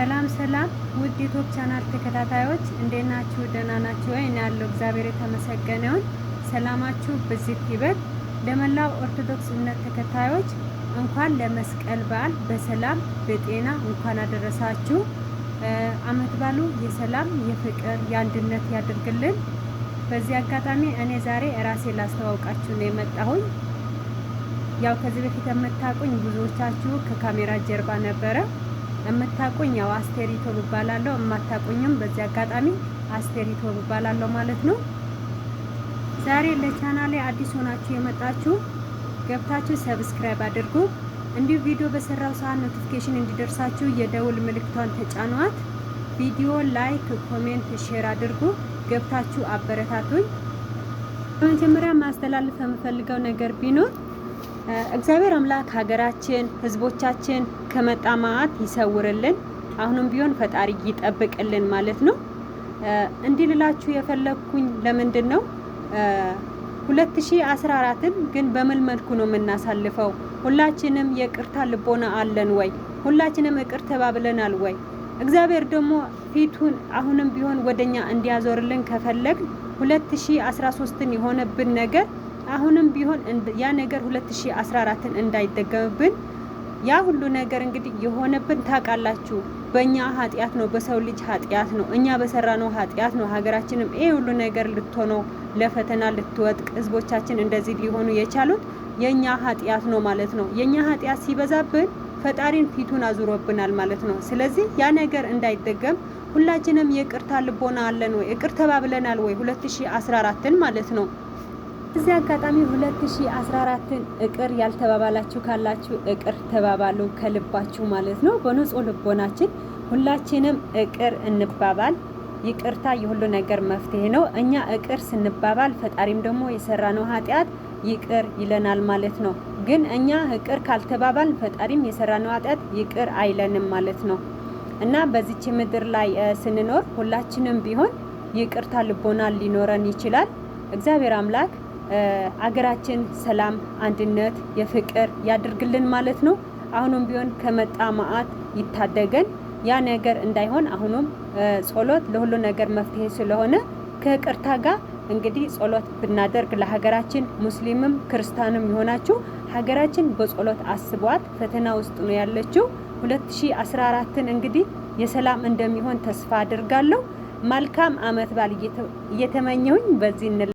ሰላም ሰላም ውድ ዩቱብ ቻናል ተከታታዮች እንዴት ናችሁ? ደህና ናችሁ ወይ? እኔ ያለው እግዚአብሔር የተመሰገነውን ሰላማችሁ ብዝት ይበል። ለመላው ኦርቶዶክስ እምነት ተከታዮች እንኳን ለመስቀል በዓል በሰላም በጤና እንኳን አደረሳችሁ። አመት ባሉ የሰላም የፍቅር የአንድነት ያደርግልን። በዚህ አጋጣሚ እኔ ዛሬ ራሴ ላስተዋውቃችሁ ነው የመጣሁኝ። ያው ከዚህ በፊት የምታውቁኝ ብዙዎቻችሁ ከካሜራ ጀርባ ነበረ የምታቁኝ ያው አስቴሪቶ ብባላለሁ፣ የማታቁኝም በዚህ አጋጣሚ አስቴሪቶ ብባላለሁ ማለት ነው። ዛሬ ለቻናሌ አዲስ ሆናችሁ የመጣችሁ ገብታችሁ ሰብስክራይብ አድርጉ። እንዲሁ ቪዲዮ በሰራው ሰዓት ኖቲፊኬሽን እንዲደርሳችሁ የደውል ምልክቷን ተጫኗት። ቪዲዮ ላይክ፣ ኮሜንት፣ ሼር አድርጉ። ገብታችሁ አበረታቱኝ። በመጀመሪያ ማስተላለፍ የምፈልገው ነገር ቢኖር እግዚአብሔር አምላክ ሀገራችን፣ ህዝቦቻችን ከመጣማት ይሰውርልን። አሁንም ቢሆን ፈጣሪ ይጠብቅልን ማለት ነው። እንዲልላችሁ የፈለኩኝ የፈለግኩኝ ለምንድን ነው 2014ን ግን በምን መልኩ ነው የምናሳልፈው? ሁላችንም የቅርታ ልቦና አለን ወይ? ሁላችንም እቅር ተባብለናል ወይ? እግዚአብሔር ደግሞ ፊቱን አሁንም ቢሆን ወደኛ እንዲያዞርልን ከፈለግ 2013ን የሆነብን ነገር አሁንም ቢሆን ያ ነገር 2014ን እንዳይደገምብን ያ ሁሉ ነገር እንግዲህ የሆነብን ታውቃላችሁ። በእኛ ኃጢአት ነው፣ በሰው ልጅ ኃጢአት ነው፣ እኛ በሰራነው ኃጢአት ነው። ሀገራችንም ይህ ሁሉ ነገር ልትሆነው ለፈተና ልትወጥቅ ህዝቦቻችን እንደዚህ ሊሆኑ የቻሉት የእኛ ኃጢአት ነው ማለት ነው። የእኛ ኃጢአት ሲበዛብን ፈጣሪን ፊቱን አዙሮብናል ማለት ነው። ስለዚህ ያ ነገር እንዳይደገም ሁላችንም የቅርታ ልቦና አለን ወይ? እቅር ተባብለናል ወይ? 2014ን ማለት ነው እዚህ አጋጣሚ 2014ን እቅር ያልተባባላችሁ ካላችሁ እቅር ተባባሉ ከልባችሁ ማለት ነው። በንጹህ ልቦናችን ሁላችንም እቅር እንባባል። ይቅርታ የሁሉ ነገር መፍትሄ ነው። እኛ እቅር ስንባባል ፈጣሪም ደግሞ የሰራነው ኃጢአት ይቅር ይለናል ማለት ነው። ግን እኛ እቅር ካልተባባል ፈጣሪም የሰራነው ኃጢአት ይቅር አይለንም ማለት ነው። እና በዚች ምድር ላይ ስንኖር ሁላችንም ቢሆን ይቅርታ ልቦና ሊኖረን ይችላል። እግዚአብሔር አምላክ አገራችን ሰላም፣ አንድነት፣ የፍቅር ያድርግልን ማለት ነው። አሁኑም ቢሆን ከመጣ መዓት ይታደገን። ያ ነገር እንዳይሆን አሁኑም ጸሎት ለሁሉ ነገር መፍትሄ ስለሆነ ከቅርታ ጋር እንግዲህ ጸሎት ብናደርግ ለሀገራችን ሙስሊምም ክርስቲያንም የሆናችሁ ሀገራችን በጸሎት አስቧት። ፈተና ውስጥ ነው ያለችው። 2014ን እንግዲህ የሰላም እንደሚሆን ተስፋ አድርጋለሁ። መልካም አመት ባል እየተመኘሁኝ በዚህ